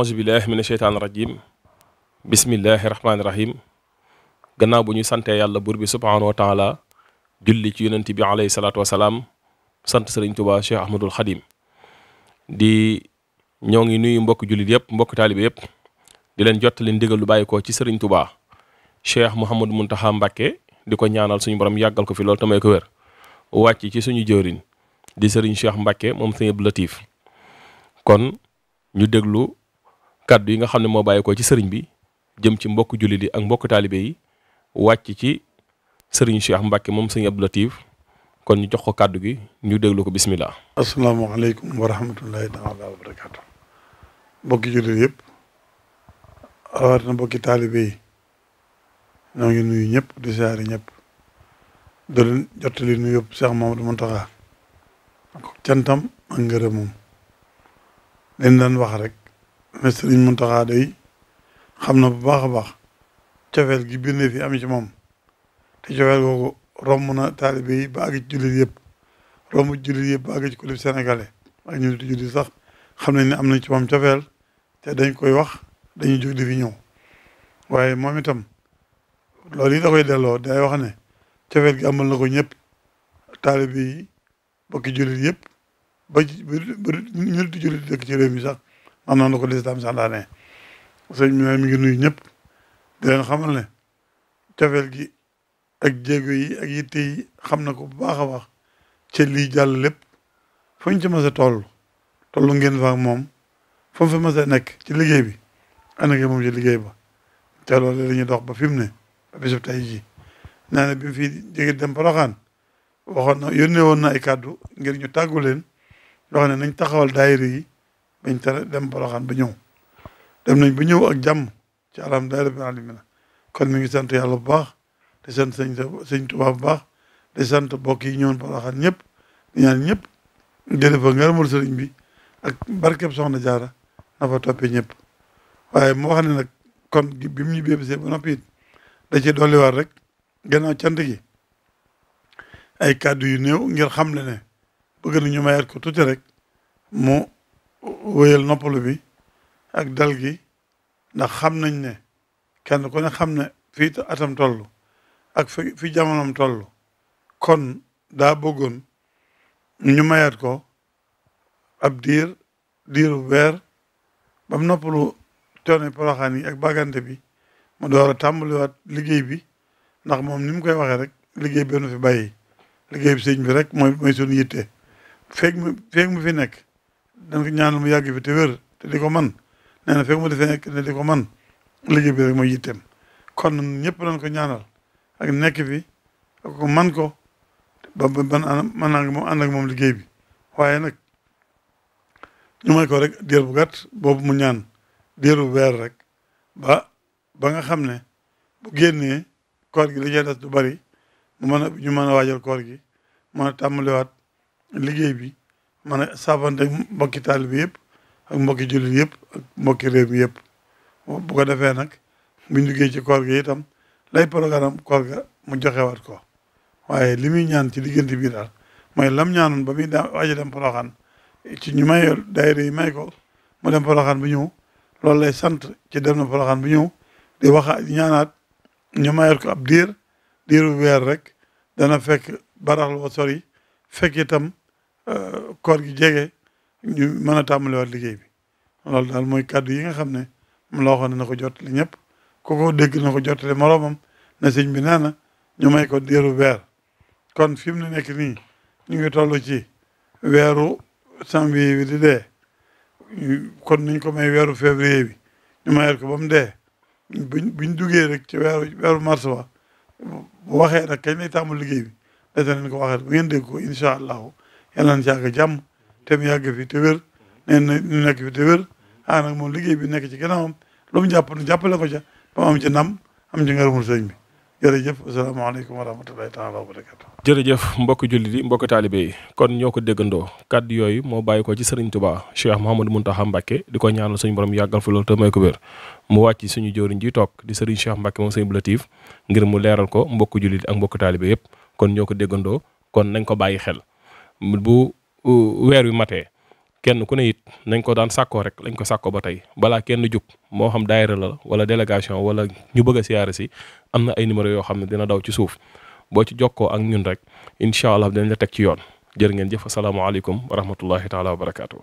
aousubillah min asheytaan irajim bismillahi rahmaani rahim gannaaw bu ñu santee yàlla buur bi subhaanahu wa taala julli ci yonent bi alayhi salaatu wasalaam sant sëriñ Tuubaa Cheikh Ahmadul Xadim di ngi nuyu mbokki jullit yëpp mbokki taalibe yëpp di leen jottali ndigal lu bàyyi ko ci sëriñ Tuubaa Cheikh Mouhamadou Mountakha Mbacké di ko ñaanal suñu borom yàggal ko fi loolu tamay ko wér wàcc ci suñu jëwriñ di sëriñ Cheikh Mbacké moom sëñ Abdou kon ñu déglu kàddu yi nga xam ne moo bàyyi ko ci sëriñ bi jëm ci mbokk jullit yi ak mbokk taalibe yi wàcc ci sëriñ Cheikh Mbacke moom sëriñ Abdou kon ñu jox ko kàddu gi ñu déglu ko bismillah asalaamaaleykum wa rahmatullahi taala yi ñoo ngi nuyu ñëpp di siyaare ñëpp di jottali nuyu yëpp Cheikh Mamadou Mountakha ak cantam ak ngërëmam leen daan wax rek ne Sëriñ Muntaxa day xam na bu baax a baax cofeel gi bindee fi am ci moom te cofeel googu romb na taalibe yi ba àgg jullit yëpp romb jullit yëpp ba àgg ci kulib sénégalais ñu di jullit sax xam nañ ne am nañ ci moom cofeel te dañ koy wax dañuy jóg fi ñëw waaye moom itam loolu yi da koy delloo day wax ne cofeel gi amal na ko ñëpp taalibe yi bokki jullit yëpp ba ba ñu di jullit dëkk ci réew mi sax am naa na ko lislaam sax daane sëñ bi mi ngi nuyu ñëpp di leen xamal ne cofeel gi ak jéego ak yitte yi xam na ko bu baax a baax ci jàll lépp fu ñu ci mas a toll ngeen fa moom fu mu fi mas a nekk ci liggéey bi ànd ak moom ci liggéey ba te loolu la dox ba fi mu ne ba bisub tey ji naa ne bi mu fii jóge dem Poroxaan waxoon na yónnee woon na ay kàddu ngir ñu tàggu leen yoo xam ne nañ taxawal daayira yi bañ dem Poroxaan ba ñëw dem nañ ba ñëw jàmm ci alhamdulilah rabbil kon mi ngi sant yàlla bu baax di sant sëñ bu baax di sant bokk yi ñëwoon Poroxaan ñëpp di ñaan ñëpp jële fa bi ak barkeb soxna jaara na fa toppe waaye moo xam ne nag kon bi mu ba noppi da ci dolli war rek gannaaw cant gi ay kàddu yu néew ngir xam le ne bëgg na ñu mayaat ko tuuti rek mu wéyal noppalu bi ak dal gi ndax xam nañ ne kenn ku xam ne fii atam toll ak fi fi jamonom toll kon daa bëggoon ñu mayaat ko ab diir diiru weer bam noppalu coono poroxaan yi ak bagante bi mu door a tàmbaliwaat liggéey bi ndax moom ni mu koy waxee rek liggéey benn fi bàyyi liggéey bi sëñ bi rek mooy mooy suñu yitte feeg mu fi nekk dañ ko ñaanal mu yàgg fi te wér te di ko man nee na fekk mu defee ne di ko man liggéey bi rek mooy yitteem kon ñëpp dañ ko ñaanal ak nekk fi ak man ko ba ban man naa moom ànd ak moom liggéey bi waaye nag ñu may ko rek diir bu gàtt boobu mu ñaan diir bu weer rek ba ba nga xam ne bu génnee koor gi li cay des du bari mu mën a ñu mën a waajal koor gi mën a tàmbaliwaat liggéey bi mën a saafante mbokki taalibe yëpp ak mbokki jullit yëpp ak mbokki réew mi yëpp ko defee nag buñ duggee ci koor ga itam lay programme koor ga mu joxewaat ko waaye li muy ñaan ci diggante bi daal mooy lam ñaanoon ba muy daa dem poroxaan ci ñu may daayira yi may ko mu dem poroxaan bu ñëw loolu lay sant ci dem na poroxaan bu ñëw di waxa ñaanaat ñu mayal ko ab diir diiru weer rek dana fekk baraxlu wa fekk itam Euh, koor gi jege ñu mën a tàmbaliwaat liggéey bi loolu daal mooy kàddu yi nga xam ne moom la waxoon na ko jottali ñëpp ku ko dégg na ko jottali moroomam na sëñ bi nee na ñu may ko diiru weer kon fi mu ne nekk nii ñu ngi toll ci weeru janvier bi di dee kon nuñ ko may weeru février bi ñu mayal ko ba dee buñ buñ duggee rek ci weeru weeru mars wa waxee nag kañ lay tàmbali liggéey bi dese nañ ko waxee bu ngeen dégg ko incha allahu yal nañ ci àgg jàmm te mu yàgg fi te wér nekk fi te wér ah nag moom liggéey bi nekk ci gannaawam lu mu jàpp nu jàppale ko ca ba mu am ci ndam am ci ngërëmul sëñ bi jërëjëf asalaamaaleykum wa rahmatulahi taala wa barakatu jërëjëf mbokk jullit mbokk taalibe yi kon ñoo ko déggandoo kàddu yooyu moo bàyyi ko ci sëriñ Tuubaa Cheikh Mouhamadou Mountakha Mbacké di ko ñaanal suñu borom yàggal fa loolu te may ko wér mu wàcc suñu jëwriñ ji toog di sëriñ Cheikh Mbacké moom sëriñ bu ngir mu leeral ko mbokk jullit ak mbokk taalibe yëpp kon ñoo ko déggandoo kon nañ ko bàyyi xel bu weer wi matee kenn ku ne it nañ ko daan sàkkoo rek lañ ko sàkkoo ba tey balaa kenn jóg moo xam daayira la wala délégation wala ñu bëgg a siyaare si am na ay numéro yoo xam ne dina daw ci suuf boo ci jokkoo ak ñun rek incha allah dañ la teg ci yoon jërë ngeen jëf asalaamaaleykum wa rahmatullahi taala wa barakaatu.